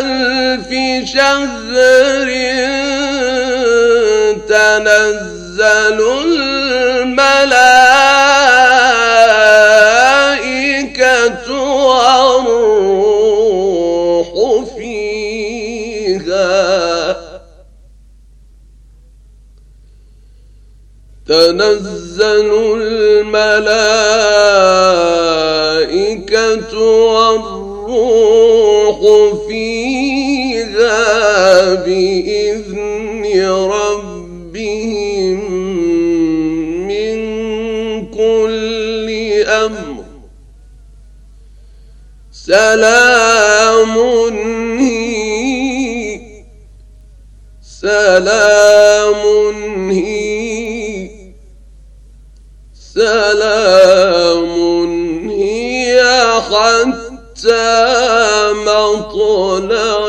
ألف شهر تنزل الملائكة والروح فيها تنزل الملائكة والروح فيها بإذن ربهم من كل أمر سلام هي سلام هي سلام هي حتى مطلع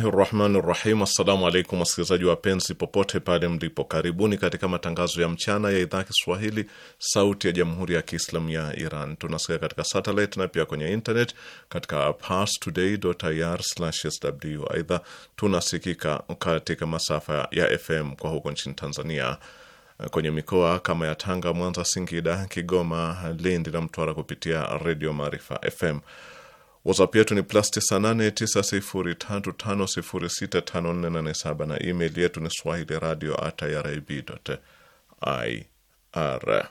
Bismillahi rahmani rahim. Assalamu alaikum wasikilizaji wapenzi, popote pale mlipo, karibuni katika matangazo ya mchana ya idhaa Kiswahili sauti ya jamhuri ya Kiislamu ya Iran. Tunasikia katika satelit na pia kwenye internet katika parstoday.ir/sw. Aidha, tunasikika katika masafa ya FM kwa huko nchini Tanzania kwenye mikoa kama ya Tanga, Mwanza, Singida, Kigoma, Lindi na Mtwara kupitia redio Maarifa FM. WhatsApp yetu ni plus 989035065487 na email yetu ni swahili radio at irib.ir.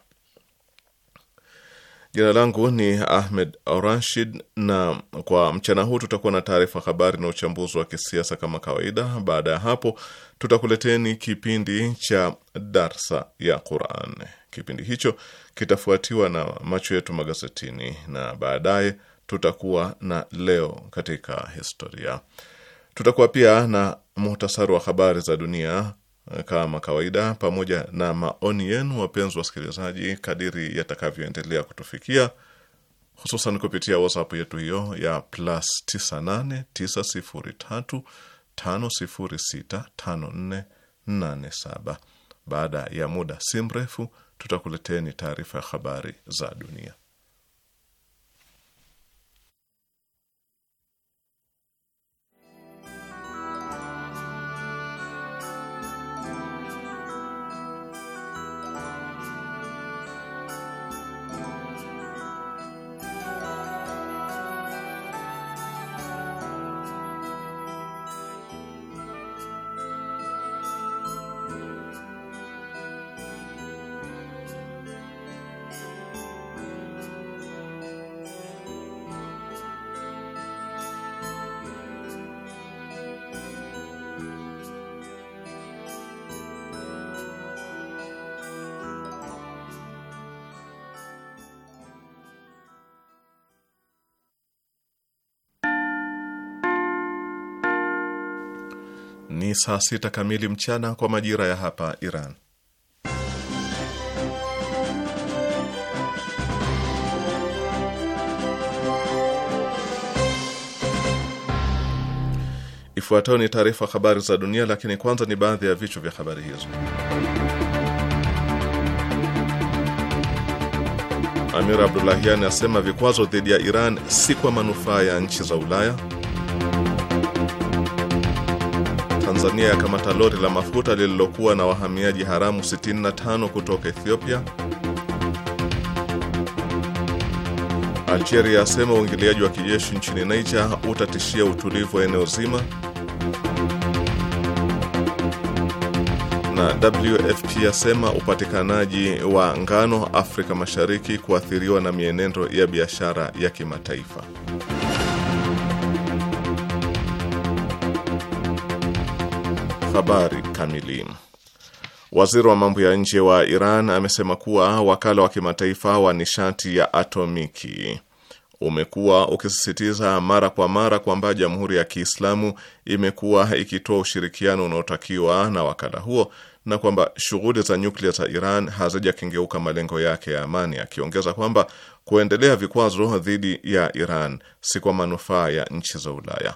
Jina langu ni Ahmed Rashid, na kwa mchana huu tutakuwa na taarifa habari na uchambuzi wa kisiasa kama kawaida. Baada ya hapo, tutakuleteni kipindi cha darsa ya Quran. Kipindi hicho kitafuatiwa na macho yetu magazetini na baadaye tutakuwa na leo katika historia. Tutakuwa pia na muhtasari wa habari za dunia eh, kama kawaida, pamoja na maoni yenu, wapenzi wasikilizaji, kadiri yatakavyoendelea kutufikia, hususan kupitia WhatsApp yetu hiyo ya plus 989035065487. Baada ya muda si mrefu, tutakuleteni taarifa ya habari za dunia. saa sita kamili mchana kwa majira ya hapa Iran. Ifuatayo ni taarifa habari za dunia, lakini kwanza ni baadhi ya vichwa vya habari hizo. Amir Abdullahian asema vikwazo dhidi ya Iran si kwa manufaa ya nchi za Ulaya. Tanzania yakamata lori la mafuta lililokuwa na wahamiaji haramu 65 kutoka Ethiopia. Algeria asema uingiliaji wa kijeshi nchini Niger utatishia utulivu wa eneo zima. Na WFP asema upatikanaji wa ngano Afrika Mashariki kuathiriwa na mienendo ya biashara ya kimataifa. Habari kamili. Waziri wa mambo ya nje wa Iran amesema kuwa wakala wa kimataifa wa nishati ya atomiki umekuwa ukisisitiza mara kwa mara kwamba Jamhuri ya Kiislamu imekuwa ikitoa ushirikiano unaotakiwa na wakala huo na kwamba shughuli za nyuklia za Iran hazijakengeuka malengo yake ya amani, akiongeza kwamba kuendelea vikwazo dhidi ya Iran si kwa manufaa ya nchi za Ulaya.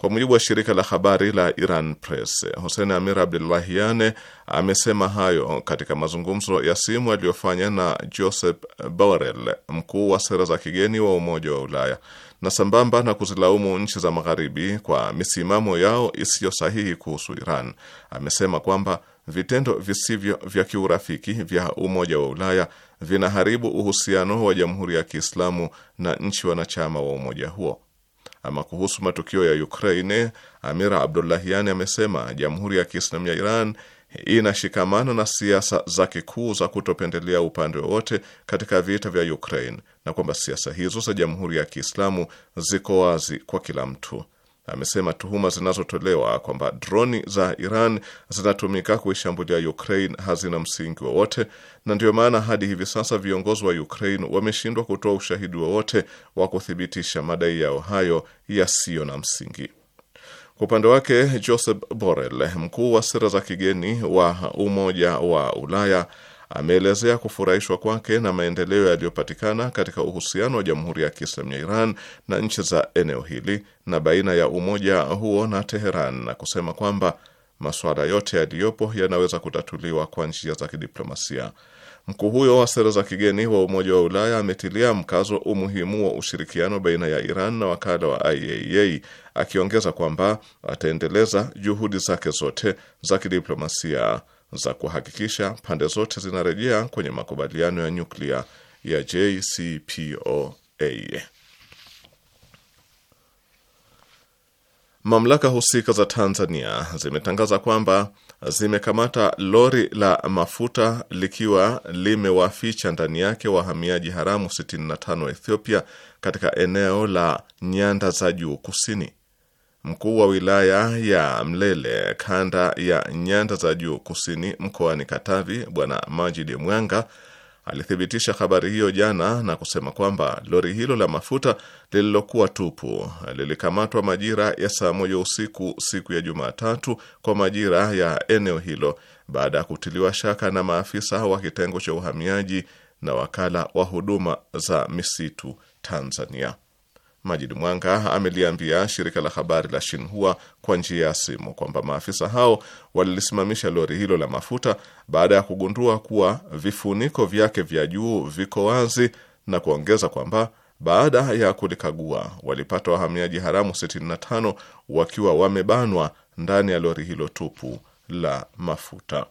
Kwa mujibu wa shirika la habari la Iran Press, Hussein Amir Abdullahiane amesema hayo katika mazungumzo ya simu aliyofanya na Joseph Borrell, mkuu wa sera za kigeni wa Umoja wa Ulaya, na sambamba na kuzilaumu nchi za Magharibi kwa misimamo yao isiyo sahihi kuhusu Iran, amesema kwamba vitendo visivyo vya kiurafiki vya Umoja wa Ulaya vinaharibu uhusiano wa Jamhuri ya Kiislamu na nchi wanachama wa umoja huo. Ama kuhusu matukio ya Ukraine, Amira Abdullahian amesema Jamhuri ya Kiislamu ya Iran inashikamana na siasa zake kuu za kutopendelea upande wowote katika vita vya Ukraine na kwamba siasa hizo za Jamhuri ya Kiislamu ziko wazi kwa kila mtu amesema tuhuma zinazotolewa kwamba droni za Iran zinatumika kuishambulia Ukraine hazina msingi wowote, na ndiyo maana hadi hivi sasa viongozi wa Ukraine wameshindwa kutoa ushahidi wowote wa, kuthibitisha madai yao hayo yasiyo na msingi. Kwa upande wake Joseph Borrell, mkuu wa sera za kigeni wa Umoja wa Ulaya ameelezea kufurahishwa kwake na maendeleo yaliyopatikana katika uhusiano wa Jamhuri ya Kiislamu ya Iran na nchi za eneo hili na baina ya umoja huo na Teheran na kusema kwamba masuala yote yaliyopo yanaweza kutatuliwa kwa njia za kidiplomasia. Mkuu huyo wa sera za kigeni wa Umoja wa Ulaya ametilia mkazo umuhimu wa ushirikiano baina ya Iran na wakala wa IAEA akiongeza kwamba ataendeleza juhudi zake zote za kidiplomasia za kuhakikisha pande zote zinarejea kwenye makubaliano ya nyuklia ya JCPOA. Mamlaka husika za Tanzania zimetangaza kwamba zimekamata lori la mafuta likiwa limewaficha ndani yake wahamiaji haramu 65 wa Ethiopia katika eneo la nyanda za juu kusini mkuu wa wilaya ya Mlele kanda ya nyanda za juu kusini mkoani Katavi Bwana Majid Mwanga alithibitisha habari hiyo jana na kusema kwamba lori hilo la mafuta lililokuwa tupu lilikamatwa majira ya saa moja usiku siku ya Jumatatu kwa majira ya eneo hilo baada ya kutiliwa shaka na maafisa wa kitengo cha uhamiaji na wakala wa huduma za misitu Tanzania. Majid Mwanga ameliambia shirika la habari la Shinhua kwa njia ya simu kwamba maafisa hao walilisimamisha lori hilo la mafuta baada ya kugundua kuwa vifuniko vyake vya juu viko wazi na kuongeza kwamba baada ya kulikagua walipata wahamiaji haramu 65 wakiwa wamebanwa ndani ya lori hilo tupu la mafuta.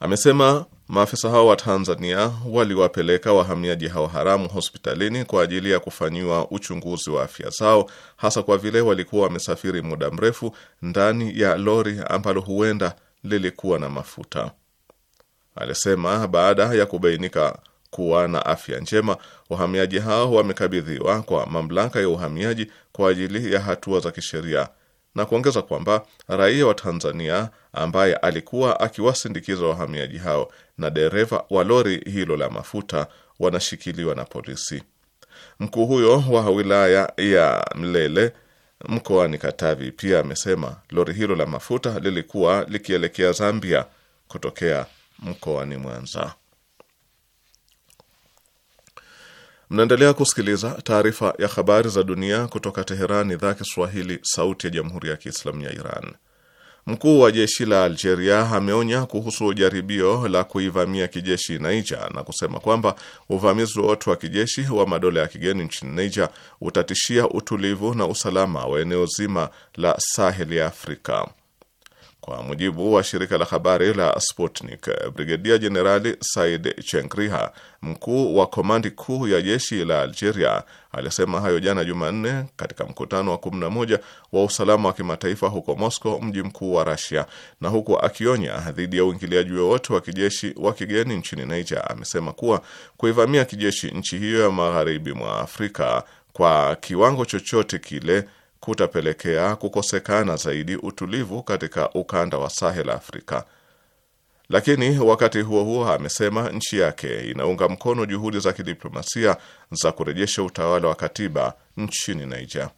Amesema Maafisa hao wa Tanzania waliwapeleka wahamiaji hao haramu hospitalini kwa ajili ya kufanyiwa uchunguzi wa afya zao, hasa kwa vile walikuwa wamesafiri muda mrefu ndani ya lori ambalo huenda lilikuwa na mafuta, alisema. Baada ya kubainika kuwa na afya njema, wahamiaji hao wamekabidhiwa kwa mamlaka ya uhamiaji kwa ajili ya hatua za kisheria na kuongeza kwamba raia wa Tanzania ambaye alikuwa akiwasindikiza wahamiaji hao na dereva wa lori hilo la mafuta wanashikiliwa na polisi. Mkuu huyo wa wilaya ya Mlele mkoani Katavi pia amesema lori hilo la mafuta lilikuwa likielekea Zambia kutokea mkoani Mwanza. Mnaendelea kusikiliza taarifa ya habari za dunia kutoka Teherani, idhaa Kiswahili, sauti ya jamhuri ya kiislamu ya Iran. Mkuu wa jeshi la Algeria ameonya kuhusu jaribio la kuivamia kijeshi Niger na kusema kwamba uvamizi wowote wa kijeshi wa madola ya kigeni nchini Niger utatishia utulivu na usalama wa eneo zima la Sahel ya Afrika. Kwa mujibu wa shirika la habari la Sputnik, Brigedia Jenerali Said Chenkriha, mkuu wa komandi kuu ya jeshi la Algeria, alisema hayo jana Jumanne katika mkutano wa 11 wa usalama wa kimataifa huko Moscow, mji mkuu wa Russia, na huku akionya dhidi ya uingiliaji wowote wa kijeshi wa kigeni nchini Niger. Amesema kuwa kuivamia kijeshi nchi hiyo ya magharibi mwa Afrika kwa kiwango chochote kile kutapelekea kukosekana zaidi utulivu katika ukanda wa Sahel Afrika. Lakini wakati huo huo, amesema nchi yake inaunga mkono juhudi za kidiplomasia za kurejesha utawala wa katiba nchini Niger.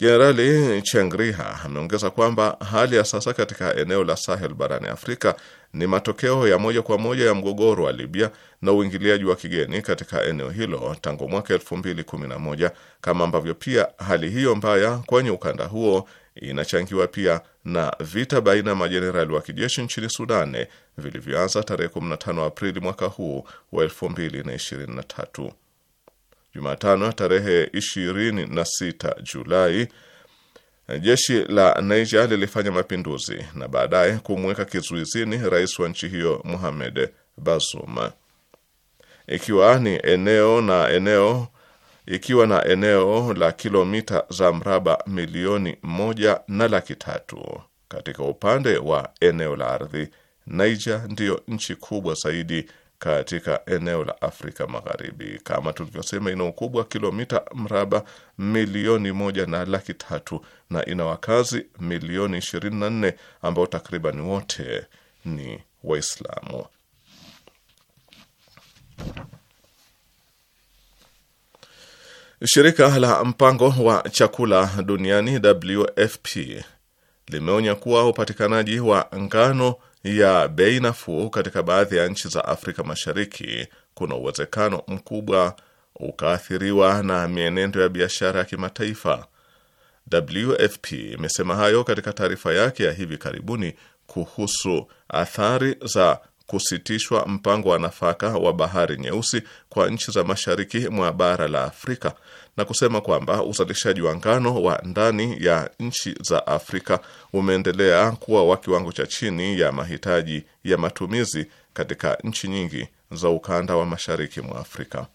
Jenerali Chengriha ameongeza kwamba hali ya sasa katika eneo la Sahel barani Afrika ni matokeo ya moja kwa moja ya mgogoro wa Libya na uingiliaji wa kigeni katika eneo hilo tangu mwaka 2011 kama ambavyo pia hali hiyo mbaya kwenye ukanda huo inachangiwa pia na vita baina ya majenerali wa kijeshi nchini Sudani vilivyoanza tarehe 15 Aprili mwaka huu wa 2023. Jumatano tarehe 26 Julai, jeshi la Niger lilifanya mapinduzi na baadaye kumweka kizuizini rais wa nchi hiyo Mohamed Bazoum, ikiwa ni eneo na eneo ikiwa na eneo la kilomita za mraba milioni moja na laki tatu. Katika upande wa eneo la ardhi, Niger ndiyo nchi kubwa zaidi katika eneo la Afrika Magharibi. Kama tulivyosema, ina ukubwa kilomita mraba milioni moja na laki tatu na ina wakazi milioni 24 ambao takriban wote ni Waislamu. Shirika la mpango wa chakula duniani WFP limeonya kuwa upatikanaji wa ngano ya bei nafuu katika baadhi ya nchi za Afrika Mashariki, kuna uwezekano mkubwa ukaathiriwa na mienendo ya biashara ya kimataifa. WFP imesema hayo katika taarifa yake ya hivi karibuni kuhusu athari za kusitishwa mpango wa nafaka wa Bahari Nyeusi kwa nchi za mashariki mwa bara la Afrika na kusema kwamba uzalishaji wa ngano wa ndani ya nchi za Afrika umeendelea kuwa wa kiwango cha chini ya mahitaji ya matumizi katika nchi nyingi za ukanda wa mashariki mwa Afrika.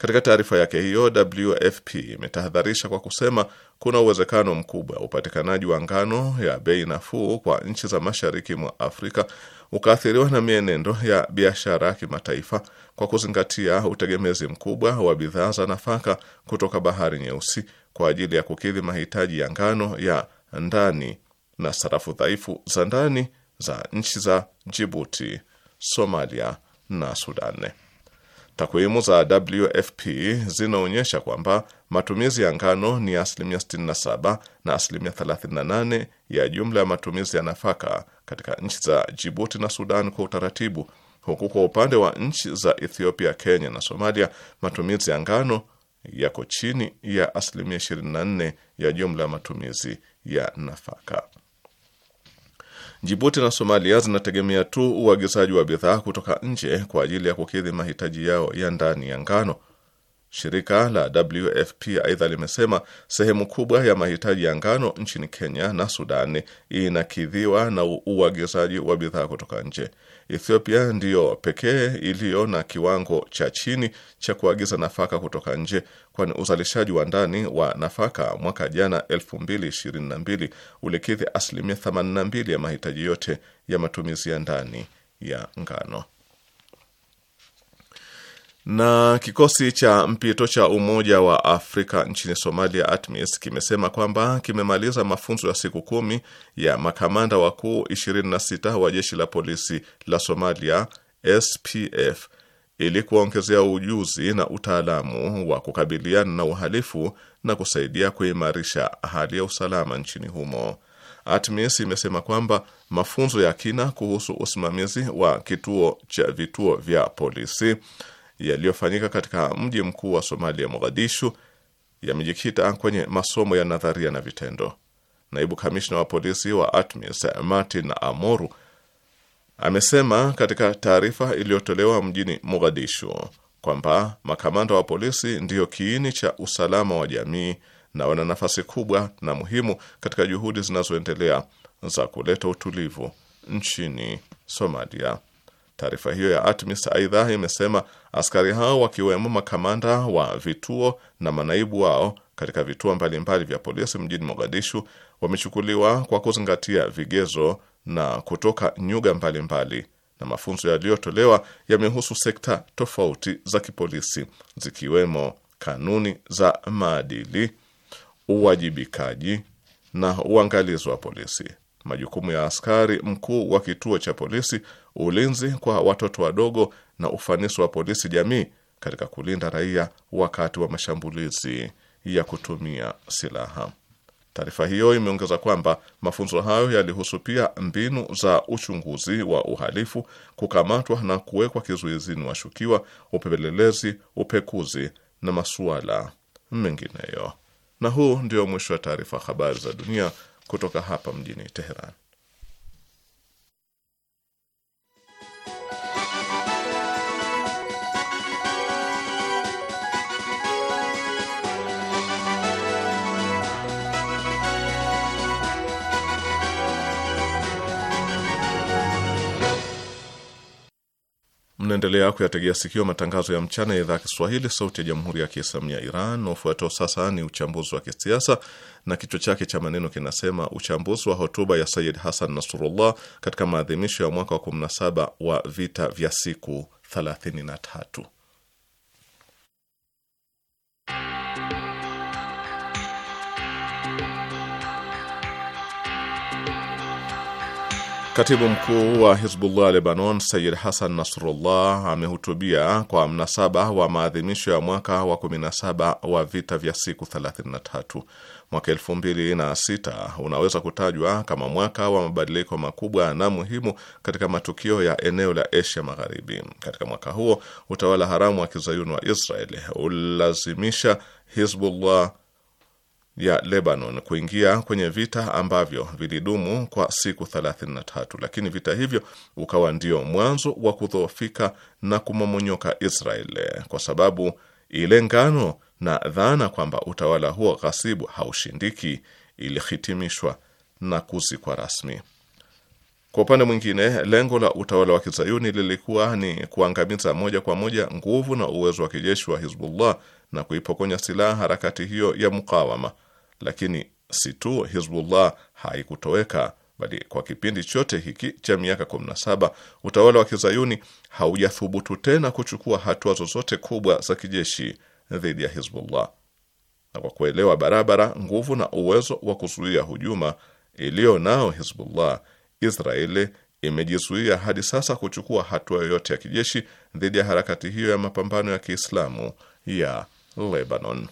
Katika taarifa yake hiyo, WFP imetahadharisha kwa kusema kuna uwezekano mkubwa upatikanaji wa ngano ya bei nafuu kwa nchi za mashariki mwa Afrika ukaathiriwa na mienendo ya biashara ya kimataifa kwa kuzingatia utegemezi mkubwa wa bidhaa za nafaka kutoka Bahari Nyeusi kwa ajili ya kukidhi mahitaji ya ngano ya ndani na sarafu dhaifu za ndani za nchi za Jibuti, Somalia na Sudan. Takwimu za WFP zinaonyesha kwamba matumizi ya ngano ni asilimia 67 na asilimia 38 ya jumla ya matumizi ya nafaka katika nchi za Jibuti na Sudan kwa utaratibu, huku kwa upande wa nchi za Ethiopia, Kenya na Somalia matumizi ya ngano yako chini ya asilimia 24 ya jumla ya matumizi ya nafaka. Jibuti na Somalia zinategemea tu uagizaji wa bidhaa kutoka nje kwa ajili ya kukidhi mahitaji yao ya ndani ya ngano. Shirika la WFP aidha limesema sehemu kubwa ya mahitaji ya ngano nchini Kenya na Sudani inakidhiwa na uagizaji wa bidhaa kutoka nje. Ethiopia ndiyo pekee iliyo na kiwango cha chini cha kuagiza nafaka kutoka nje, kwani uzalishaji wa ndani wa nafaka mwaka jana 2022 ulikidhi asilimia 82 ya mahitaji yote ya matumizi ya ndani ya ngano. Na kikosi cha mpito cha Umoja wa Afrika nchini Somalia, ATMIS, kimesema kwamba kimemaliza mafunzo ya siku kumi ya makamanda wakuu 26 wa jeshi la polisi la Somalia, SPF, ili kuwaongezea ujuzi na utaalamu wa kukabiliana na uhalifu na kusaidia kuimarisha hali ya usalama nchini humo. ATMIS imesema kwamba mafunzo ya kina kuhusu usimamizi wa kituo cha vituo vya polisi yaliyofanyika katika mji mkuu wa Somalia, Mogadishu, yamejikita kwenye masomo ya nadharia na vitendo. Naibu kamishna wa polisi wa ATMIS Martin Amoru amesema katika taarifa iliyotolewa mjini Mogadishu kwamba makamanda wa polisi ndiyo kiini cha usalama wa jamii na wana nafasi kubwa na muhimu katika juhudi zinazoendelea za kuleta utulivu nchini Somalia. Taarifa hiyo ya ATMIS aidha imesema Askari hao wakiwemo makamanda wa vituo na manaibu wao katika vituo mbalimbali mbali vya polisi mjini Mogadishu wamechukuliwa kwa kuzingatia vigezo na kutoka nyuga mbalimbali mbali, na mafunzo yaliyotolewa yamehusu sekta tofauti za kipolisi zikiwemo kanuni za maadili, uwajibikaji na uangalizi wa polisi, majukumu ya askari mkuu wa kituo cha polisi, ulinzi kwa watoto wadogo na ufanisi wa polisi jamii katika kulinda raia wakati wa mashambulizi ya kutumia silaha. Taarifa hiyo imeongeza kwamba mafunzo hayo yalihusu pia mbinu za uchunguzi wa uhalifu, kukamatwa na kuwekwa kizuizini washukiwa, upelelezi, upekuzi na masuala mengineyo. Na huu ndio mwisho wa taarifa habari za dunia kutoka hapa mjini Teheran. Mnaendelea kuyategea sikio matangazo ya mchana ya idhaa ya Kiswahili, sauti ya jamhuri ya kiislamu ya Iran. Na ufuatao sasa ni uchambuzi wa kisiasa na kichwa chake cha maneno kinasema: uchambuzi wa hotuba ya Sayid Hassan Nasrullah katika maadhimisho ya mwaka wa 17 wa vita vya siku 33. Katibu mkuu wa Hizbullah Lebanon Sayid Hasan Nasrullah amehutubia kwa mnasaba wa maadhimisho ya mwaka wa 17 wa vita vya siku 33. Mwaka 2006 unaweza kutajwa kama mwaka wa mabadiliko makubwa na muhimu katika matukio ya eneo la Asia Magharibi. Katika mwaka huo utawala haramu wa kizayuni wa Israeli ulilazimisha Hizbullah ya Lebanon kuingia kwenye vita ambavyo vilidumu kwa siku 33, lakini vita hivyo ukawa ndio mwanzo wa kudhoofika na kumomonyoka Israel, kwa sababu ile ngano na dhana kwamba utawala huo ghasibu haushindiki ilihitimishwa na kuzikwa rasmi. Kwa upande mwingine, lengo la utawala wa kizayuni lilikuwa ni kuangamiza moja kwa moja nguvu na uwezo wa kijeshi wa Hizbullah na kuipokonya silaha harakati hiyo ya mukawama. Lakini si tu Hizbullah haikutoweka, bali kwa kipindi chote hiki cha miaka 17 utawala wa kizayuni haujathubutu tena kuchukua hatua zozote kubwa za kijeshi dhidi ya Hizbullah. Na kwa kuelewa barabara nguvu na uwezo wa kuzuia hujuma iliyo nao Hizbullah, Israeli imejizuia hadi sasa kuchukua hatua yoyote ya kijeshi dhidi ya harakati hiyo ya mapambano ya Kiislamu ya Lebanon.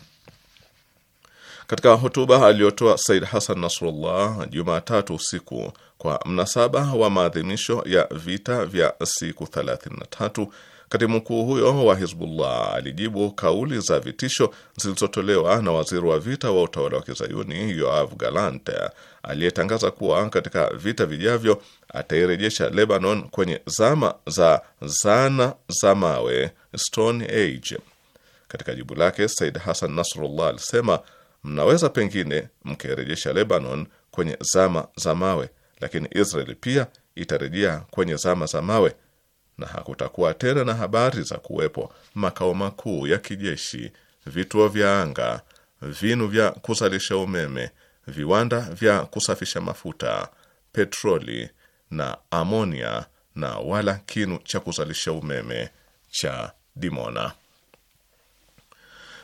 Katika hotuba aliyotoa Said Hassan Nasrullah Jumatatu usiku kwa mnasaba wa maadhimisho ya vita vya siku 33, katibu mkuu huyo wa Hizbullah alijibu kauli za vitisho zilizotolewa na waziri wa vita wa utawala wa kizayuni Yoav Galant aliyetangaza kuwa katika vita vijavyo atairejesha Lebanon kwenye zama za zana za mawe, Stone Age. Katika jibu lake, Said Hassan Nasrullah alisema mnaweza pengine mkirejesha Lebanon kwenye zama za mawe, lakini Israel pia itarejea kwenye zama za mawe na hakutakuwa tena na habari za kuwepo makao makuu ya kijeshi, vituo vya anga, vinu vya kuzalisha umeme, viwanda vya kusafisha mafuta, petroli na amonia na wala kinu cha kuzalisha umeme cha Dimona.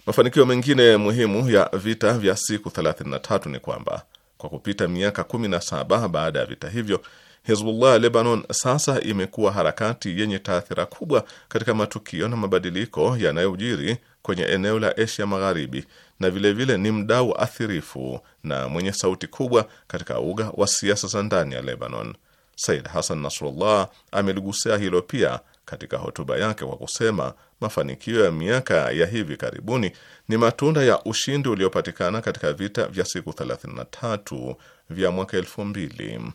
Mafanikio mengine muhimu ya vita vya siku 33 ni kwamba kwa kupita miaka 17 baada ya vita hivyo, Hizbullah Lebanon sasa imekuwa harakati yenye taathira kubwa katika matukio na mabadiliko yanayojiri kwenye eneo la Asia Magharibi na vilevile vile ni mdau athirifu na mwenye sauti kubwa katika uga wa siasa za ndani ya Lebanon. Said Hassan Nasrullah ameligusia hilo pia katika hotuba yake kwa kusema mafanikio ya miaka ya hivi karibuni ni matunda ya ushindi uliopatikana katika vita vya siku 33 vya mwaka 2006.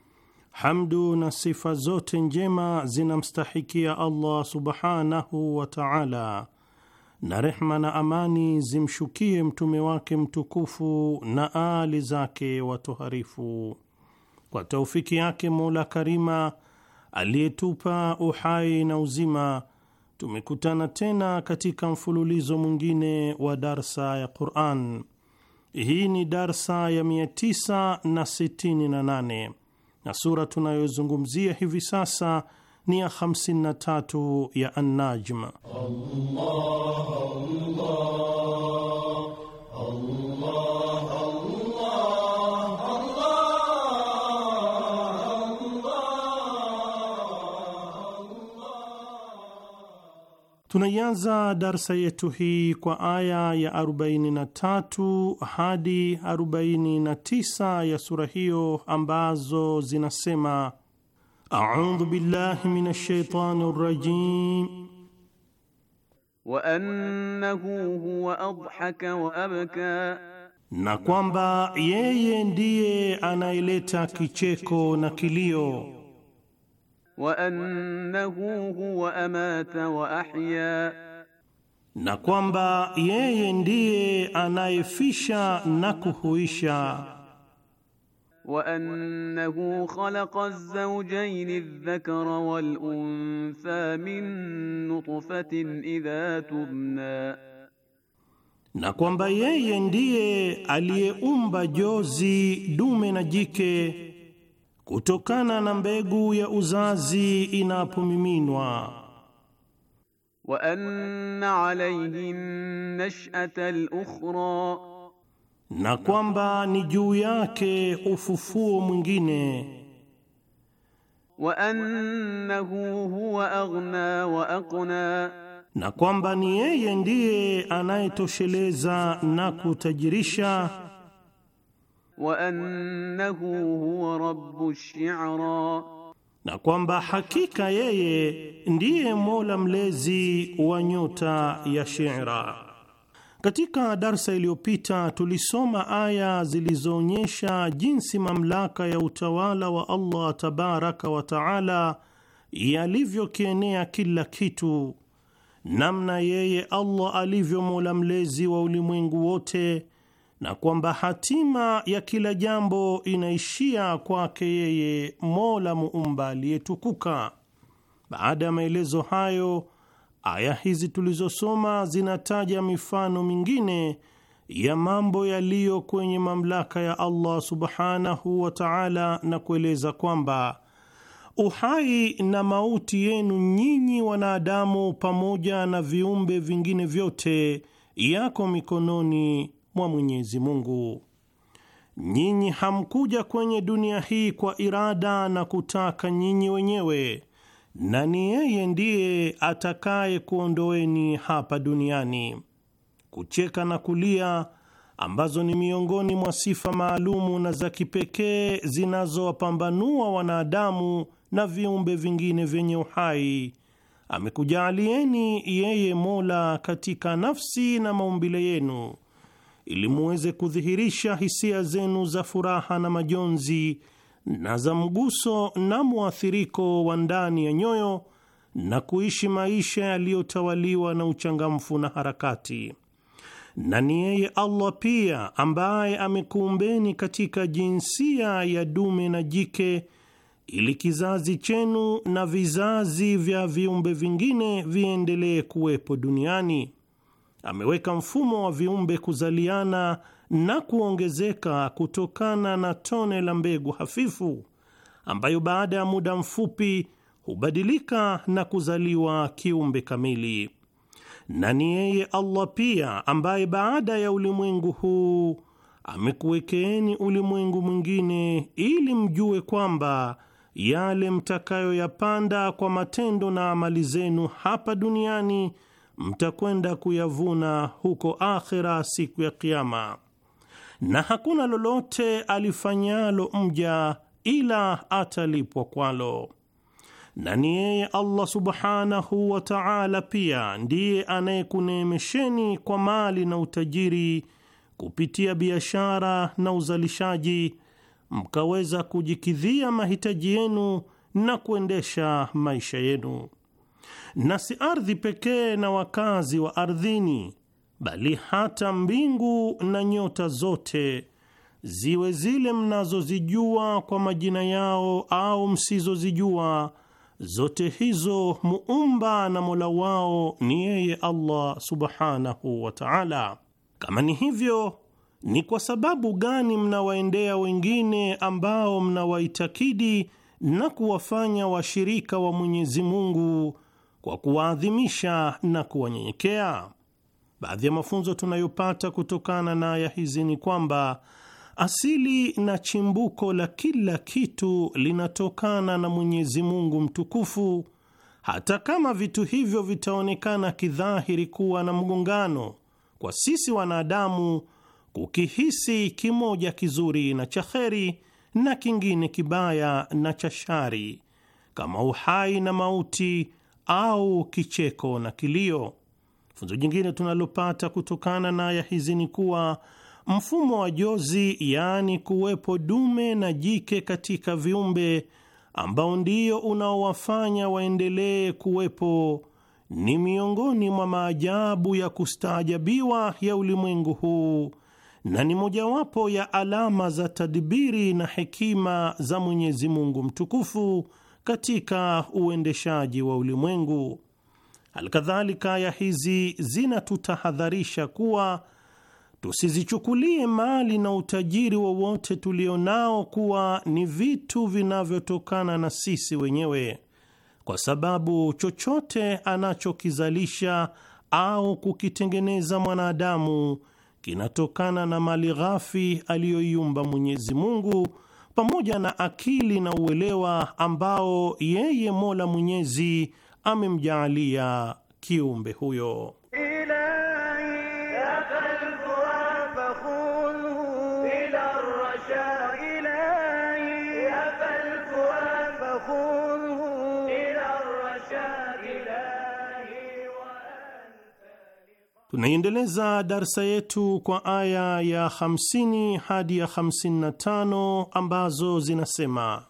Hamdu na sifa zote njema zinamstahikia Allah subhanahu wa taala, na rehma na amani zimshukie mtume wake mtukufu na aali zake watoharifu. Kwa taufiki yake Mola Karima aliyetupa uhai na uzima, tumekutana tena katika mfululizo mwingine wa darsa ya Quran. Hii ni darsa ya 968 na sura tunayozungumzia hivi sasa ni ya 53 ya An-Najm. Allah, Allah. Tunaianza darsa yetu hii kwa aya ya 43 hadi 49 ya sura hiyo ambazo zinasema: audhu billahi minash shaitani rajim wa annahu huwa adhaka wa abka, na kwamba yeye ndiye anayeleta kicheko na kilio wa annahu huwa amata wa ahya, na kwamba yeye ndiye anayefisha na kuhuisha. Wa annahu khalaqa az-zawjayn adh-dhakara wal-untha min nutfatin idha tubna, na kwamba yeye ndiye aliyeumba jozi dume na jike kutokana na mbegu ya uzazi inapomiminwa. wa anna alayhim nash'ata al-ukhra, na kwamba ni juu yake ufufuo mwingine. wa annahu huwa aghna wa aqna, na kwamba ni yeye ndiye anayetosheleza na kutajirisha wa annahu huwa rabbu shi'ra, na kwamba hakika yeye ndiye Mola mlezi wa nyota ya Shira. Katika darsa iliyopita tulisoma aya zilizoonyesha jinsi mamlaka ya utawala wa Allah tabaraka wa taala yalivyokienea kila kitu, namna yeye Allah alivyo Mola mlezi wa ulimwengu wote na kwamba hatima ya kila jambo inaishia kwake yeye Mola muumba aliyetukuka. Baada ya maelezo hayo, aya hizi tulizosoma zinataja mifano mingine ya mambo yaliyo kwenye mamlaka ya Allah subhanahu wa ta'ala, na kueleza kwamba uhai na mauti yenu nyinyi wanadamu pamoja na viumbe vingine vyote yako mikononi mwa Mwenyezi Mungu. Nyinyi hamkuja kwenye dunia hii kwa irada na kutaka nyinyi wenyewe, na ni yeye ndiye atakaye kuondoeni hapa duniani. Kucheka na kulia ambazo ni miongoni mwa sifa maalumu na za kipekee zinazowapambanua wanadamu na viumbe vingine vyenye uhai, amekujaalieni yeye Mola katika nafsi na maumbile yenu ili muweze kudhihirisha hisia zenu za furaha na majonzi na za mguso na mwathiriko wa ndani ya nyoyo na kuishi maisha yaliyotawaliwa na uchangamfu na harakati. Na ni yeye Allah pia ambaye amekuumbeni katika jinsia ya dume na jike ili kizazi chenu na vizazi vya viumbe vingine viendelee kuwepo duniani ameweka mfumo wa viumbe kuzaliana na kuongezeka kutokana na tone la mbegu hafifu ambayo baada ya muda mfupi hubadilika na kuzaliwa kiumbe kamili. Na ni yeye Allah pia ambaye baada ya ulimwengu huu amekuwekeeni ulimwengu mwingine ili mjue kwamba yale mtakayoyapanda kwa matendo na amali zenu hapa duniani mtakwenda kuyavuna huko akhera siku ya Kiama, na hakuna lolote alifanyalo mja ila atalipwa kwalo, na ni yeye Allah subhanahu wa ta'ala pia ndiye anayekuneemesheni kwa mali na utajiri kupitia biashara na uzalishaji, mkaweza kujikidhia mahitaji yenu na kuendesha maisha yenu na si ardhi pekee na wakazi wa ardhini, bali hata mbingu na nyota zote, ziwe zile mnazozijua kwa majina yao au msizozijua, zote hizo muumba na mola wao ni yeye Allah subhanahu wa ta'ala. Kama ni hivyo, ni kwa sababu gani mnawaendea wengine ambao mnawaitakidi na kuwafanya washirika wa Mwenyezi Mungu kwa kuwaadhimisha na kuwanyenyekea? Baadhi ya mafunzo tunayopata kutokana na aya hizi ni kwamba asili na chimbuko la kila kitu linatokana na Mwenyezi Mungu mtukufu, hata kama vitu hivyo vitaonekana kidhahiri kuwa na mgongano kwa sisi wanadamu kukihisi kimoja kizuri na cha kheri na kingine kibaya na cha shari, kama uhai na mauti, au kicheko na kilio. Funzo jingine tunalopata kutokana na aya hizi ni kuwa mfumo wa jozi, yaani kuwepo dume na jike katika viumbe, ambao ndio unaowafanya waendelee kuwepo, ni miongoni mwa maajabu ya kustaajabiwa ya ulimwengu huu na ni mojawapo ya alama za tadbiri na hekima za Mwenyezi Mungu mtukufu katika uendeshaji wa ulimwengu. Alkadhalika, aya hizi zinatutahadharisha kuwa tusizichukulie mali na utajiri wowote tulio nao kuwa ni vitu vinavyotokana na sisi wenyewe, kwa sababu chochote anachokizalisha au kukitengeneza mwanadamu kinatokana na mali ghafi aliyoiumba Mwenyezi Mungu pamoja na akili na uelewa ambao yeye Mola Mwenyezi amemjaalia kiumbe huyo. Tunaiendeleza darsa yetu kwa aya ya 50 hadi ya 55 ambazo zinasema: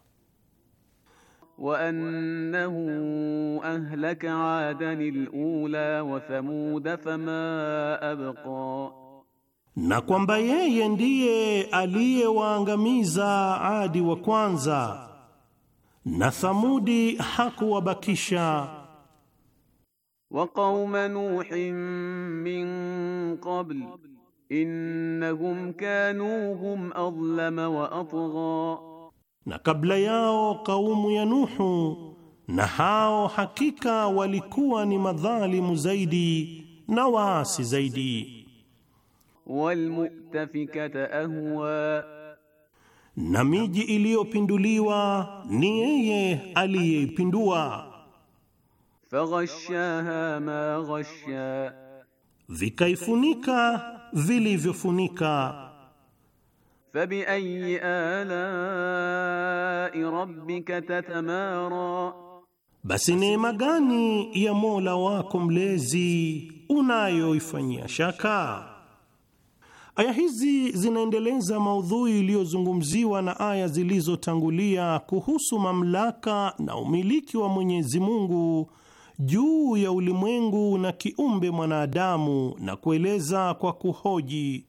waannahu ahlaka adan alula wa thamud fama abqa, na kwamba yeye ndiye aliyewaangamiza Adi wa kwanza na Thamudi hakuwabakisha wa qauma nuhin min qabl innahum kanu hum adhlama wa atgha, na kabla yao kaumu ya Nuhu, na hao hakika walikuwa ni madhalimu zaidi na waasi zaidi. Walmutafikata ahwa, na miji iliyopinduliwa ni yeye aliyeipindua faghashaha ma ghasha, vikaifunika vilivyofunika. Fabi ayi alai rabbika tatamara, basi neema gani ya Mola wako mlezi unayoifanyia shaka? Aya hizi zinaendeleza maudhui iliyozungumziwa na aya zilizotangulia kuhusu mamlaka na umiliki wa Mwenyezi Mungu juu ya ulimwengu na kiumbe mwanadamu na kueleza kwa kuhoji,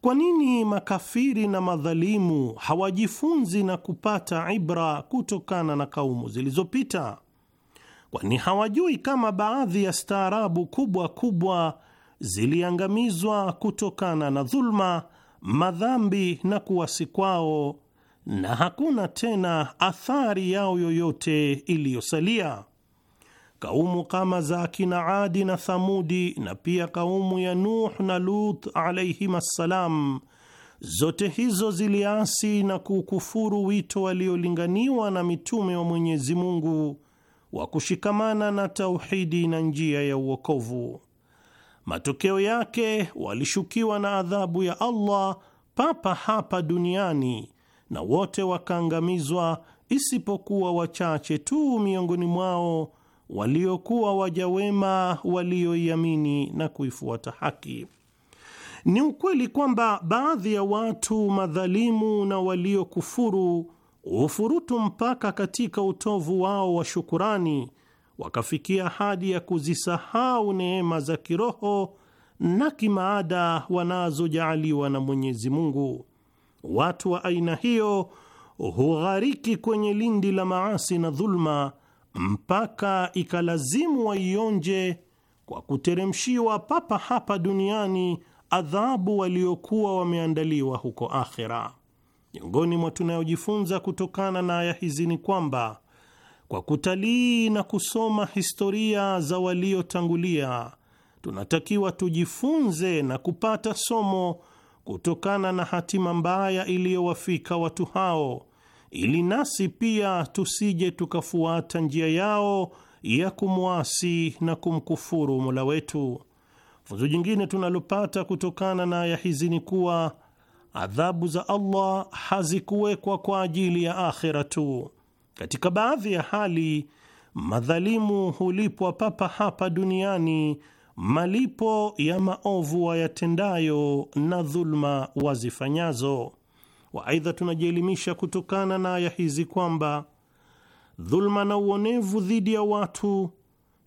kwa nini makafiri na madhalimu hawajifunzi na kupata ibra kutokana na kaumu zilizopita? Kwani hawajui kama baadhi ya staarabu kubwa kubwa ziliangamizwa kutokana na dhulma, madhambi na kuwasi kwao, na hakuna tena athari yao yoyote iliyosalia kaumu kama za akina Adi na Thamudi na pia kaumu ya Nuh na Lut alayhim assalam, zote hizo ziliasi na kuukufuru wito waliolinganiwa na mitume wa Mwenyezi Mungu wa kushikamana na tauhidi na njia ya uokovu. Matokeo yake walishukiwa na adhabu ya Allah papa hapa duniani na wote wakaangamizwa isipokuwa wachache tu miongoni mwao waliokuwa waja wema walioiamini na kuifuata haki. Ni ukweli kwamba baadhi ya watu madhalimu na waliokufuru hufurutu mpaka katika utovu wao wa shukurani, wakafikia hadi ya kuzisahau neema za kiroho na kimaada wanazojaaliwa na Mwenyezi Mungu. Watu wa aina hiyo hughariki kwenye lindi la maasi na dhuluma mpaka ikalazimu waionje kwa kuteremshiwa papa hapa duniani adhabu waliokuwa wameandaliwa huko akhera. Miongoni mwa tunayojifunza kutokana na aya hizi ni kwamba kwa kutalii na kusoma historia za waliotangulia, tunatakiwa tujifunze na kupata somo kutokana na hatima mbaya iliyowafika watu hao ili nasi pia tusije tukafuata njia yao ya kumwasi na kumkufuru Mola wetu. Funzo jingine tunalopata kutokana na aya hizi ni kuwa adhabu za Allah hazikuwekwa kwa ajili ya akhera tu. Katika baadhi ya hali, madhalimu hulipwa papa hapa duniani malipo ya maovu wayatendayo na dhuluma wazifanyazo wa. Aidha, tunajielimisha kutokana na aya hizi kwamba dhulma na uonevu dhidi ya watu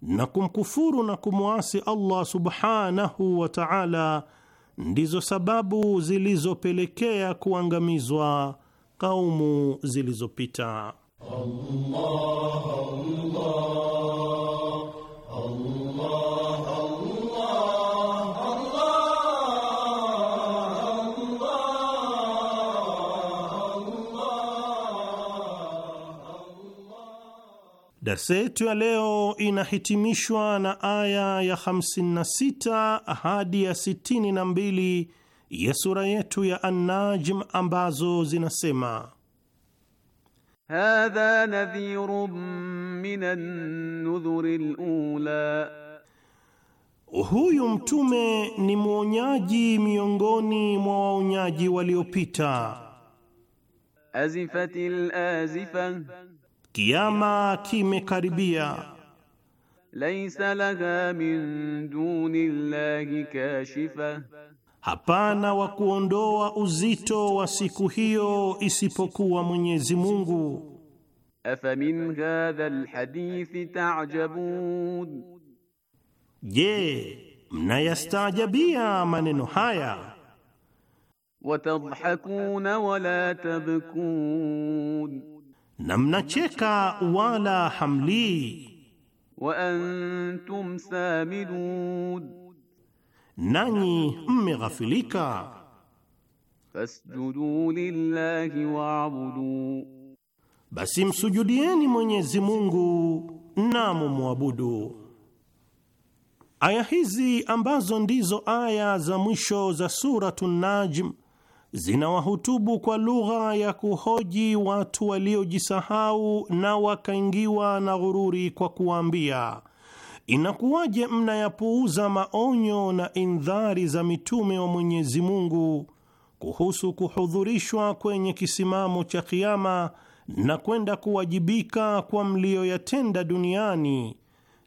na kumkufuru na kumwasi Allah subhanahu wa ta'ala ndizo sababu zilizopelekea kuangamizwa kaumu zilizopita. Allah, Allah, Allah. Darsa yetu ya leo inahitimishwa na aya ya 56 hadi ya 62 ya sura yetu ya An-Najm ambazo zinasema: hadha nadhirun minan nudhuril ula, huyu mtume ni mwonyaji miongoni mwa waonyaji waliopita. Azifatil azifa Kiama kimekaribia. Laisa laha min duni llahi kashifa, hapana wa kuondoa uzito wa siku hiyo isipokuwa Mwenyezi Mungu. Afa min hadha alhadith taajabun, je, mnayastaajabia maneno haya? Watadhakuna wala tabkun na mnacheka wala hamlii. Wa antum samidun, nanyi mmeghafilika. Fasjudu lillahi wa'budu, basi msujudieni Mwenyezi Mungu na mumwabudu. Aya hizi ambazo ndizo aya za mwisho za Suratun Najm zinawahutubu kwa lugha ya kuhoji watu waliojisahau na wakaingiwa na ghururi kwa kuwaambia, inakuwaje mnayapuuza maonyo na indhari za mitume wa Mwenyezi Mungu kuhusu kuhudhurishwa kwenye kisimamo cha Kiama na kwenda kuwajibika kwa mliyoyatenda duniani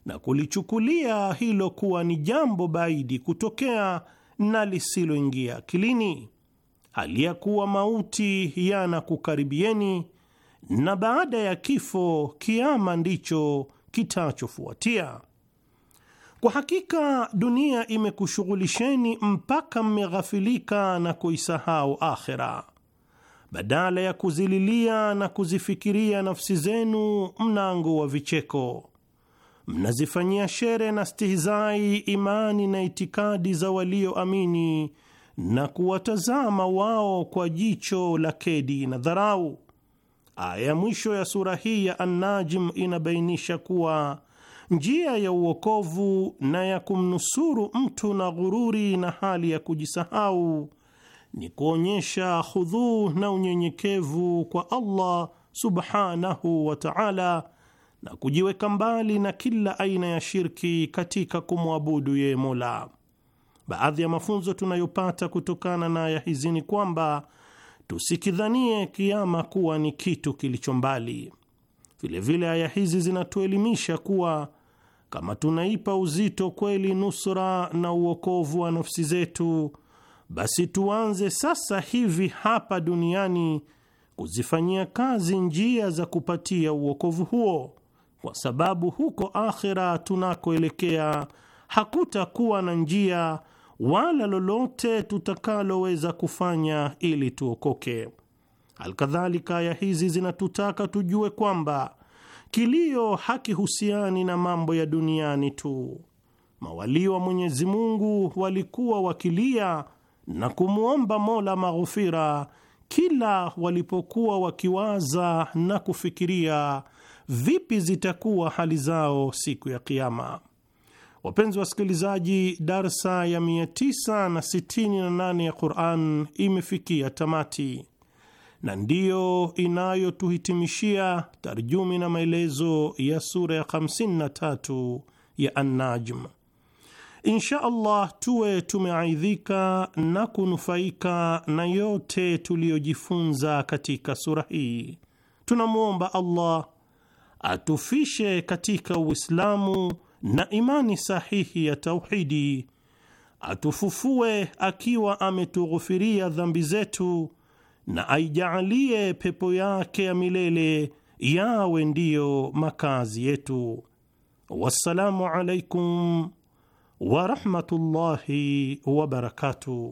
na kulichukulia hilo kuwa ni jambo baidi kutokea na lisiloingia akilini hali ya kuwa mauti yanakukaribieni na baada ya kifo kiama ndicho kitachofuatia. Kwa hakika dunia imekushughulisheni mpaka mmeghafilika na kuisahau akhera. Badala ya kuzililia na kuzifikiria nafsi zenu, mnango wa vicheko, mnazifanyia shere na stihizai imani na itikadi za walioamini na kuwatazama wao kwa jicho la kedi na dharau. Aya ya mwisho ya sura hii ya An-Najm inabainisha kuwa njia ya uokovu na ya kumnusuru mtu na ghururi na hali ya kujisahau ni kuonyesha hudhuu na unyenyekevu kwa Allah subhanahu wa ta'ala, na kujiweka mbali na kila aina ya shirki katika kumwabudu yeye Mola. Baadhi ya mafunzo tunayopata kutokana na aya hizi ni kwamba tusikidhanie kiama kuwa ni kitu kilicho mbali. Vilevile aya hizi zinatuelimisha kuwa kama tunaipa uzito kweli nusra na uokovu wa nafsi zetu, basi tuanze sasa hivi hapa duniani kuzifanyia kazi njia za kupatia uokovu huo, kwa sababu huko akhera tunakoelekea hakutakuwa na njia wala lolote tutakaloweza kufanya ili tuokoke. Alkadhalika, aya hizi zinatutaka tujue kwamba kilio hakihusiani na mambo ya duniani tu. Mawaliwa Mwenyezi Mungu walikuwa wakilia na kumwomba Mola maghufira kila walipokuwa wakiwaza na kufikiria vipi zitakuwa hali zao siku ya Kiama. Wapenzi wasikilizaji, darsa ya 968 ya Quran imefikia tamati na ndiyo inayotuhitimishia tarjumi na maelezo ya sura ya 53 ya An-Najm. Insha Allah tuwe tumeaidhika na kunufaika na yote tuliyojifunza katika sura hii. Tunamwomba Allah atufishe katika Uislamu na imani sahihi ya tauhidi, atufufue akiwa ametughufiria dhambi zetu na aijaalie pepo yake ya milele yawe ndiyo makazi yetu. Wassalamu alaikum warahmatullahi wabarakatuh.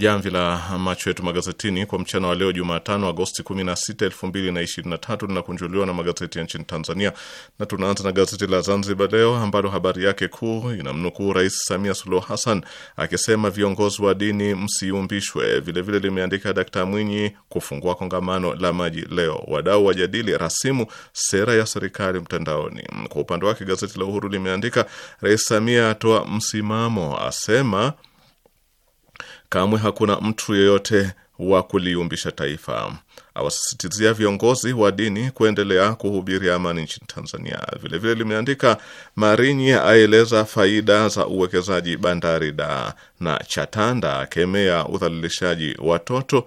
jamvi la macho yetu magazetini kwa mchana wa leo Jumatano, Agosti 16, 2023 linakunjuliwa na magazeti ya nchini Tanzania, na tunaanza na gazeti la Zanzibar Leo ambalo habari yake kuu inamnukuu Rais Samia Suluhu Hassan akisema viongozi wa dini msiumbishwe. Vilevile limeandika Dkt Mwinyi kufungua kongamano la maji leo, wadau wajadili rasimu sera ya serikali mtandaoni. Kwa upande wake gazeti la Uhuru limeandika Rais Samia atoa msimamo, asema Kamwe hakuna mtu yeyote wa kuliumbisha taifa. Awasisitizia viongozi wa dini kuendelea kuhubiri amani nchini Tanzania. Vilevile limeandika Marinyi aeleza faida za uwekezaji bandari da na Chatanda akemea udhalilishaji watoto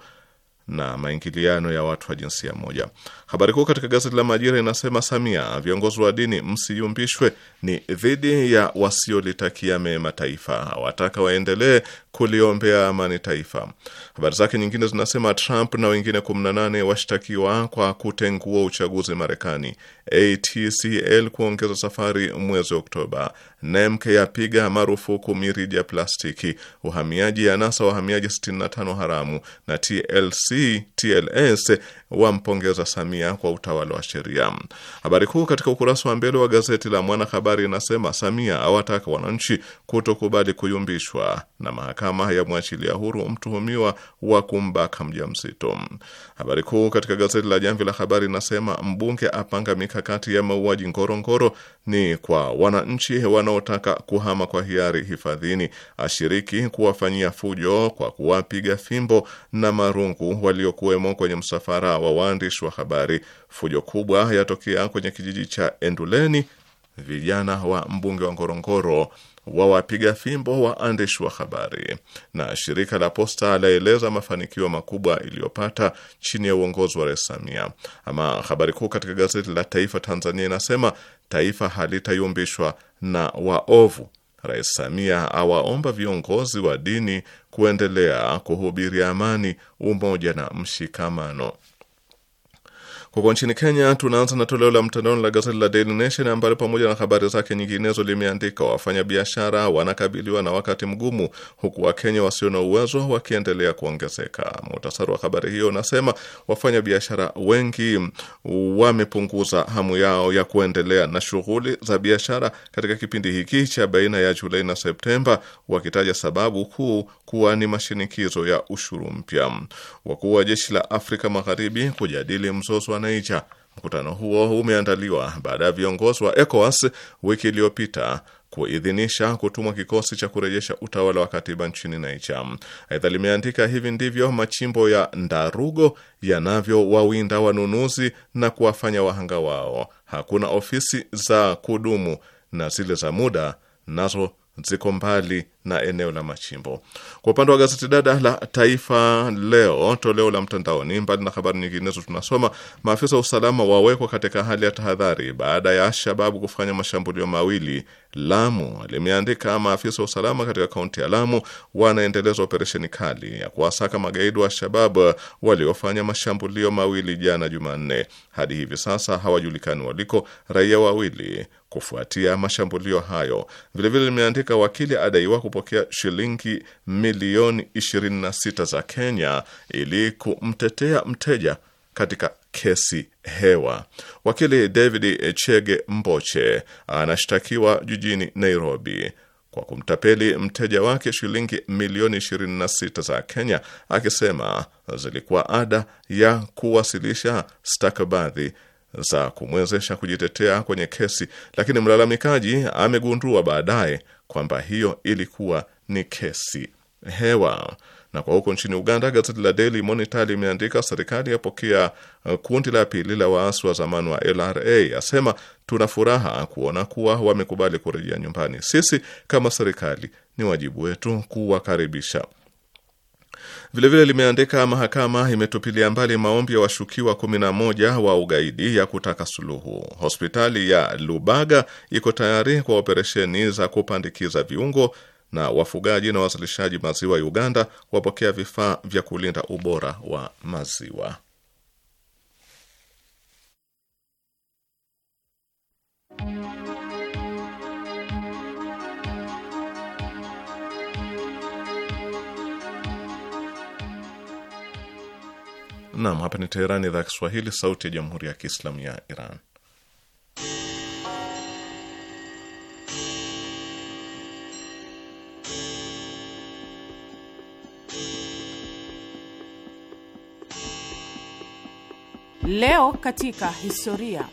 na maingiliano ya watu wa jinsia moja. Habari kuu katika gazeti la Majira inasema Samia, viongozi wa dini msiyumbishwe, ni dhidi ya wasiolitakia mema taifa, wataka waendelee kuliombea amani taifa. Habari zake nyingine zinasema Trump na wengine 18 washtakiwa kwa kutengua uchaguzi Marekani, ATCL kuongeza safari mwezi Oktoba, nemke yapiga marufuku mirija plastiki, uhamiaji ya nasa wahamiaji 65 haramu na TLC TLS wampongeza Samia kwa utawala wa sheria. Habari kuu katika ukurasa wa mbele wa gazeti la Mwanahabari inasema Samia awataka wananchi kutokubali kuyumbishwa na mahakama ya huru mtuhumiwa wa kumbaka mjamzito. Habari kuu katika gazeti la Jamvi la Habari inasema mbunge apanga mikakati ya mauaji Ngorongoro ni kwa wananchi wanaotaka kuhama kwa hiari hifadhini, ashiriki kuwafanyia fujo kwa kuwapiga fimbo na marungu waliokuwemo kwenye msafara wa waandishi wa habari. Fujo kubwa yatokea kwenye kijiji cha Enduleni, vijana wa mbunge wa Ngorongoro wawapiga fimbo waandishi wa habari. Na shirika la posta laeleza mafanikio makubwa iliyopata chini ya uongozi wa Rais Samia. Ama habari kuu katika gazeti la Taifa Tanzania inasema taifa halitayumbishwa na waovu. Rais Samia awaomba viongozi wa dini kuendelea kuhubiri amani, umoja na mshikamano. Huko nchini Kenya, tunaanza na toleo la mtandaoni la gazeti la Daily Nation ambalo pamoja na habari zake nyinginezo limeandika wafanyabiashara wanakabiliwa na wakati mgumu, huku Wakenya wasio na uwezo wakiendelea kuongezeka. Muhtasari wa habari hiyo unasema wafanyabiashara wengi wamepunguza hamu yao ya kuendelea na shughuli za biashara katika kipindi hiki cha baina ya Julai na Septemba, wakitaja sababu kuu kuwa ni mashinikizo ya ushuru mpya. Wakuu wa jeshi la Afrika Magharibi kujadili mzozo Niger. Mkutano huo umeandaliwa baada ya viongozi wa ECOWAS wiki iliyopita kuidhinisha kutumwa kikosi cha kurejesha utawala wa katiba nchini Niger. Aidha limeandika hivi ndivyo machimbo ya Ndarugo yanavyowawinda wanunuzi na kuwafanya wahanga wao. Hakuna ofisi za kudumu na zile za muda nazo ziko mbali na eneo la machimbo. Kwa upande wa gazeti dada la Taifa Leo toleo la mtandaoni, mbali na habari nyinginezo, tunasoma maafisa wa usalama wawekwa katika hali ya tahadhari baada ya Alshababu kufanya mashambulio mawili Lamu. Limeandika maafisa wa usalama katika kaunti ya Lamu wanaendeleza operesheni kali ya kuwasaka magaidi wa Alshabab waliofanya mashambulio mawili jana Jumanne. Hadi hivi sasa hawajulikani waliko raia wawili kufuatia mashambulio hayo. Vilevile limeandika wakili adaiwa kupokea shilingi milioni 26 za Kenya ili kumtetea mteja katika kesi hewa. Wakili David Chege Mboche anashtakiwa jijini Nairobi kwa kumtapeli mteja wake shilingi milioni 26 za Kenya, akisema zilikuwa ada ya kuwasilisha stakabadhi za kumwezesha kujitetea kwenye kesi, lakini mlalamikaji amegundua baadaye kwamba hiyo ilikuwa ni kesi hewa. Na kwa huko nchini Uganda, gazeti la Daily Monitor limeandika serikali yapokea uh, kundi la pili la waasi wa zamani wa LRA, asema tuna furaha kuona kuwa wamekubali kurejea nyumbani. Sisi kama serikali, ni wajibu wetu kuwakaribisha Vilevile limeandika mahakama imetupilia mbali maombi ya washukiwa 11 wa ugaidi ya kutaka suluhu. Hospitali ya Lubaga iko tayari kwa operesheni za kupandikiza viungo, na wafugaji na wazalishaji maziwa Uganda wapokea vifaa vya kulinda ubora wa maziwa. Naam, hapa ni Teherani, idhaa ya Kiswahili, sauti ya jamhuri ya kiislamu ya Iran. Leo katika historia.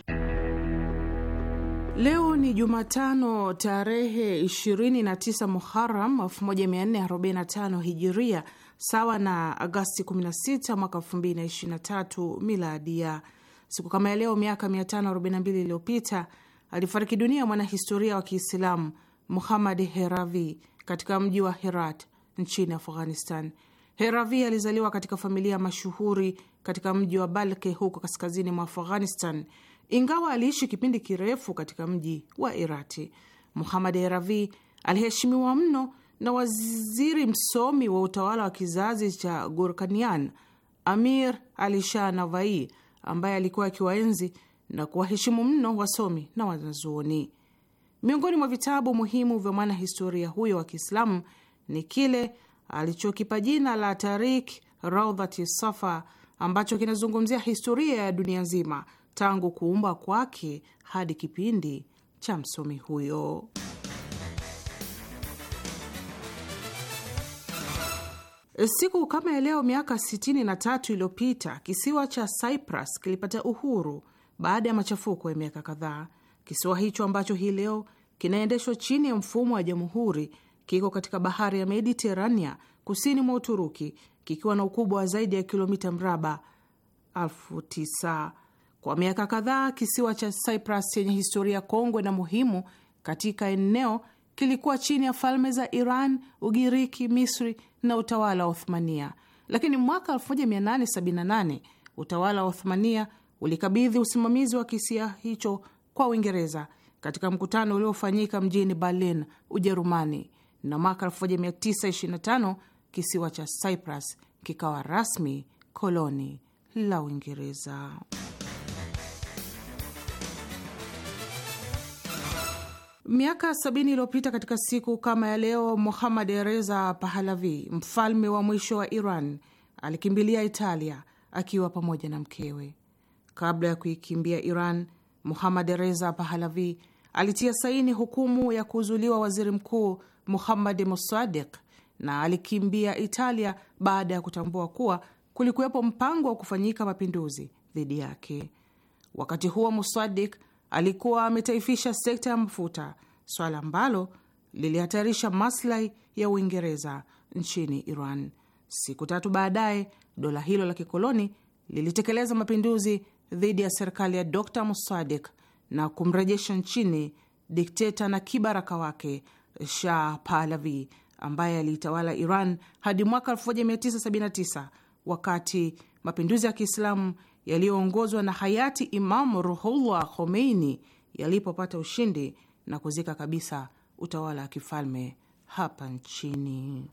Leo ni Jumatano tarehe 29 Muharam 1445 Hijiria, sawa na Agasti 16 mwaka 2023 miladia. Siku kama ya leo miaka 542 iliyopita alifariki dunia mwanahistoria wa Kiislamu Muhammad Heravi katika mji wa Herat nchini Afghanistan. Heravi alizaliwa katika familia mashuhuri katika mji wa Balke huko kaskazini mwa Afghanistan, ingawa aliishi kipindi kirefu katika mji wa Irati. Muhammad Heravi aliheshimiwa mno na waziri msomi wa utawala wa kizazi cha Gurkanian Amir Ali Shah Navai, ambaye alikuwa akiwaenzi na kuwaheshimu mno wasomi na wanazuoni. Miongoni mwa vitabu muhimu vya mwanahistoria huyo wa Kiislamu ni kile alichokipa jina la Tarik Raudhati Safa ambacho kinazungumzia historia ya dunia nzima tangu kuumba kwake hadi kipindi cha msomi huyo. E, siku kama ya leo miaka 63 iliyopita kisiwa cha Cyprus kilipata uhuru baada ya machafuko ya miaka kadhaa. Kisiwa hicho ambacho hii leo kinaendeshwa chini ya mfumo wa jamhuri kiko katika bahari ya Mediterania kusini mwa Uturuki, kikiwa na ukubwa wa zaidi ya kilomita mraba elfu tisa. Kwa miaka kadhaa, kisiwa cha Cyprus chenye historia kongwe na muhimu katika eneo kilikuwa chini ya falme za Iran, Ugiriki, Misri na utawala wa Othmania, lakini mwaka 1878 utawala wa Othmania ulikabidhi usimamizi wa kisia hicho kwa Uingereza katika mkutano uliofanyika mjini Berlin, Ujerumani, na mwaka 1925 kisiwa cha Cyprus kikawa rasmi koloni la Uingereza. Miaka sabini iliyopita katika siku kama ya leo, Muhammad Reza Pahalavi, mfalme wa mwisho wa Iran, alikimbilia Italia akiwa pamoja na mkewe. Kabla ya kuikimbia Iran, Muhammad Reza Pahalavi alitia saini hukumu ya kuuzuliwa waziri mkuu Muhammad musadik na alikimbia Italia baada ya kutambua kuwa kulikuwepo mpango wa kufanyika mapinduzi dhidi yake. Wakati huo Musadik alikuwa ametaifisha sekta ya mafuta, swala ambalo lilihatarisha maslahi ya Uingereza nchini Iran. Siku tatu baadaye, dola hilo la kikoloni lilitekeleza mapinduzi dhidi ya serikali ya Dr Musadik na kumrejesha nchini dikteta na kibaraka wake Shah Pahlavi ambaye aliitawala Iran hadi mwaka 1979 wakati mapinduzi ya Kiislamu yaliyoongozwa na hayati Imamu Ruhullah Khomeini yalipopata ushindi na kuzika kabisa utawala wa kifalme hapa nchini.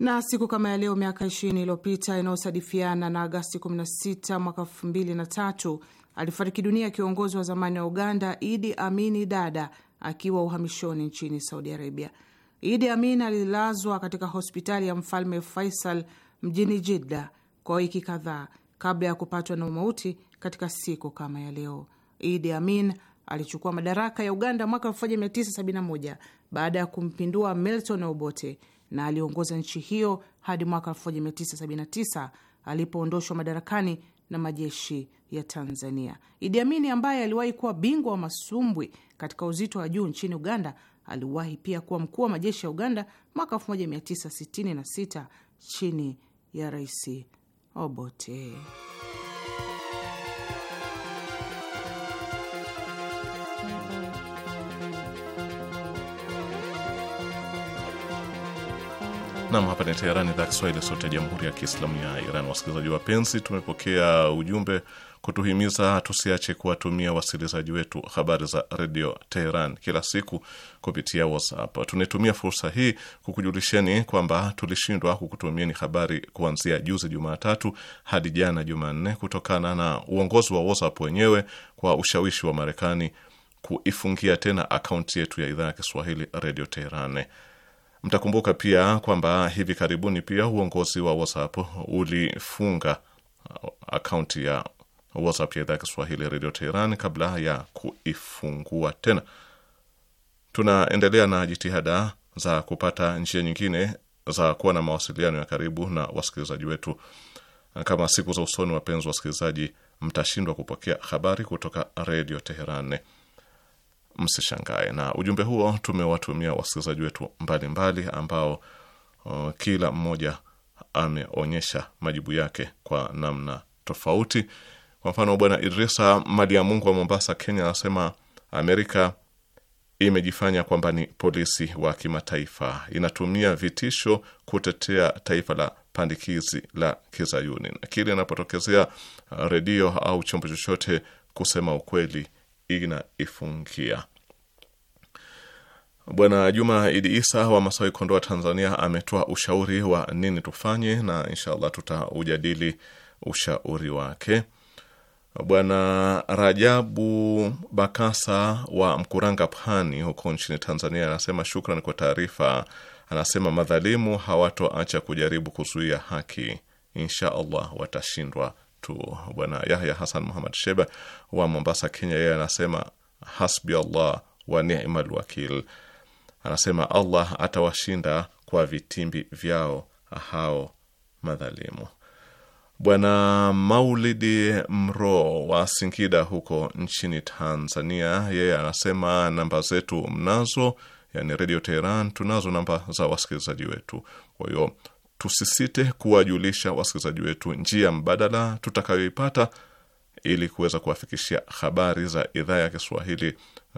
Na siku kama ya leo miaka 20 iliyopita inayosadifiana na Agasti 16 mwaka 2003 alifariki dunia kiongozi wa zamani wa Uganda Idi Amini Dada akiwa uhamishoni nchini Saudi Arabia. Idi Amin alilazwa katika hospitali ya mfalme Faisal mjini Jidda kwa wiki kadhaa kabla ya kupatwa na umauti katika siku kama ya leo. Idi Amin alichukua madaraka ya Uganda mwaka 1971 baada ya kumpindua Milton Obote na aliongoza nchi hiyo hadi mwaka 1979 alipoondoshwa madarakani na majeshi ya Tanzania. Idi Amini ambaye aliwahi kuwa bingwa wa masumbwi katika uzito wa juu nchini Uganda aliwahi pia kuwa mkuu wa majeshi ya Uganda mwaka 1966 chini ya Rais Obote. Nam, hapa ni Teherani, idhaa Kiswahili, sauti ya jamhuri ya kiislamu ya Iran. Wasikilizaji wapenzi, tumepokea ujumbe kutuhimiza tusiache kuwatumia wasikilizaji wetu habari za redio Teheran kila siku kupitia WhatsApp. Tunaitumia fursa hii kukujulisheni kwamba tulishindwa kukutumieni habari kuanzia juzi Jumatatu hadi jana Jumanne kutokana na uongozi wa WhatsApp wenyewe kwa ushawishi wa Marekani kuifungia tena akaunti yetu ya idhaa ya Kiswahili redio Teheran. Mtakumbuka pia kwamba hivi karibuni pia uongozi wa WhatsApp ulifunga akaunti ya WhatsApp ya idhaa ya Kiswahili ya redio Teheran kabla ya kuifungua tena. Tunaendelea na jitihada za kupata njia nyingine za kuwa na mawasiliano ya karibu na wasikilizaji wetu. Kama siku za usoni, wapenzi wasikilizaji, mtashindwa kupokea habari kutoka redio Teheran, msishangae. Na ujumbe huo tumewatumia wasikilizaji wetu mbalimbali mbali, ambao uh, kila mmoja ameonyesha majibu yake kwa namna tofauti kwa mfano, bwana Idrisa Mali ya Mungu wa Mombasa, Kenya, anasema Amerika imejifanya kwamba ni polisi wa kimataifa, inatumia vitisho kutetea taifa la pandikizi la Kizayuni, na kile inapotokezea redio au chombo chochote kusema ukweli inaifungia. Bwana Juma Idi Isa wa Masawi, Kondoa, Tanzania, ametoa ushauri wa nini tufanye, na inshallah tutaujadili ushauri wake. Bwana Rajabu Bakasa wa Mkuranga, Pwani, huko nchini Tanzania, anasema shukran kwa taarifa. Anasema madhalimu hawatoacha kujaribu kuzuia haki, insha allah watashindwa tu. Bwana Yahya Hasan Muhamad Sheba wa Mombasa, Kenya, yeye anasema hasbi allah wa nimal wakil. Anasema Allah atawashinda kwa vitimbi vyao hao madhalimu. Bwana Maulidi Mro wa Singida huko nchini Tanzania, yeye anasema namba zetu mnazo, yani Redio Teheran tunazo namba za wasikilizaji wetu. Kwa hiyo tusisite kuwajulisha wasikilizaji wetu njia mbadala tutakayoipata ili kuweza kuwafikishia habari za idhaa ya Kiswahili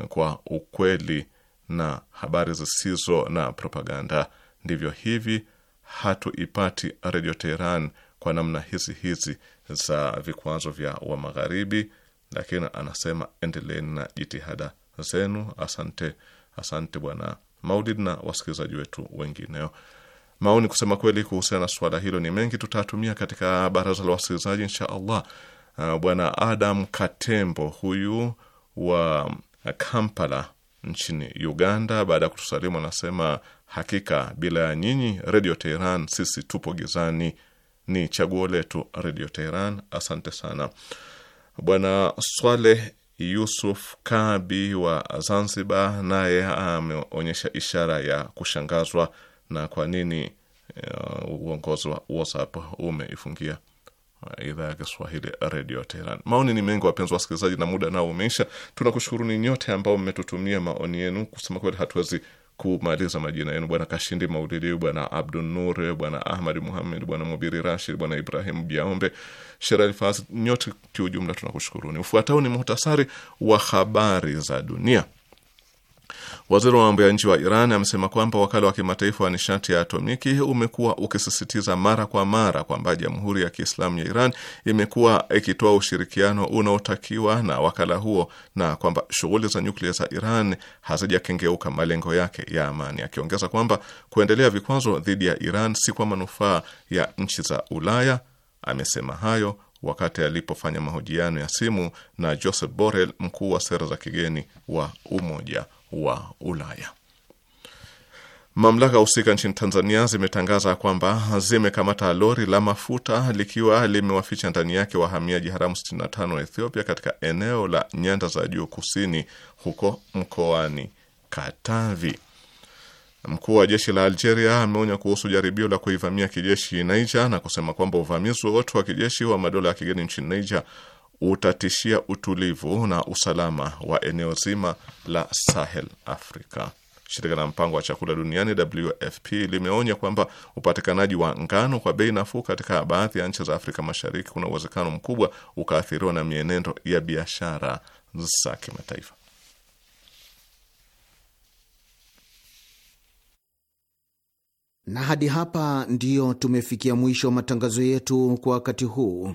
kwa ukweli na habari zisizo na propaganda. Ndivyo hivi hatuipati Redio Teheran kwa namna hizi hizi za vikwazo vya wa Magharibi, lakini anasema endeleeni na jitihada zenu. Asante, asante Bwana Maulid na wasikilizaji wetu wengineo. Maoni kusema kweli kuhusiana na suala hilo ni mengi, tutatumia katika baraza la wasikilizaji insha allah. Ah, Bwana Adam Katembo huyu wa Kampala nchini Uganda, baada ya kutusalimu anasema hakika bila ya nyinyi Redio Teheran sisi tupo gizani ni chaguo letu Redio Teheran. Asante sana Bwana swale Yusuf Kabi wa Zanzibar, naye ameonyesha ishara ya kushangazwa na kwa nini uh, uongozi wa WhatsApp umeifungia uh, idhaa ya Kiswahili redio Teheran. Maoni ni mengi, wapenzi wasikilizaji, na muda nao umeisha. ni nyote ambao mmetutumia maoni yenu. Kusema kweli, hatuwezi kumaliza majina yenu, bwana Kashindi Maulidi, bwana abdu Nur, bwana Ahmad Muhamed, bwana Mubiri Rashid, bwana Ibrahim Biaombe, Sherali Fas, nyote kiujumla tunakushukuruni. Ufuatao ni muhtasari wa habari za dunia. Waziri wa mambo ya nje wa Iran amesema kwamba wakala wa kimataifa wa nishati ya atomiki umekuwa ukisisitiza mara kwa mara kwamba Jamhuri ya Kiislamu ya Iran imekuwa ikitoa ushirikiano unaotakiwa na wakala huo na kwamba shughuli za nyuklia za Iran hazijakengeuka malengo yake ya amani, akiongeza kwamba kuendelea vikwazo dhidi ya Iran si kwa manufaa ya nchi za Ulaya. Amesema hayo wakati alipofanya mahojiano ya simu na Joseph Borrell, mkuu wa sera za kigeni wa Umoja wa Ulaya. Mamlaka husika nchini Tanzania zimetangaza kwamba zimekamata lori la mafuta likiwa limewaficha ndani yake wahamiaji haramu 65 wa Ethiopia katika eneo la nyanda za juu kusini huko mkoani Katavi. Mkuu wa jeshi la Algeria ameonya kuhusu jaribio la kuivamia kijeshi Niger na kusema kwamba uvamizi wowote wa kijeshi wa madola ya kigeni nchini Niger utatishia utulivu na usalama wa eneo zima la Sahel Afrika. Shirika la mpango wa chakula duniani WFP limeonya kwamba upatikanaji wa ngano kwa bei nafuu katika baadhi ya nchi za Afrika Mashariki kuna uwezekano mkubwa ukaathiriwa na mienendo ya biashara za kimataifa. Na hadi hapa ndiyo tumefikia mwisho wa matangazo yetu kwa wakati huu.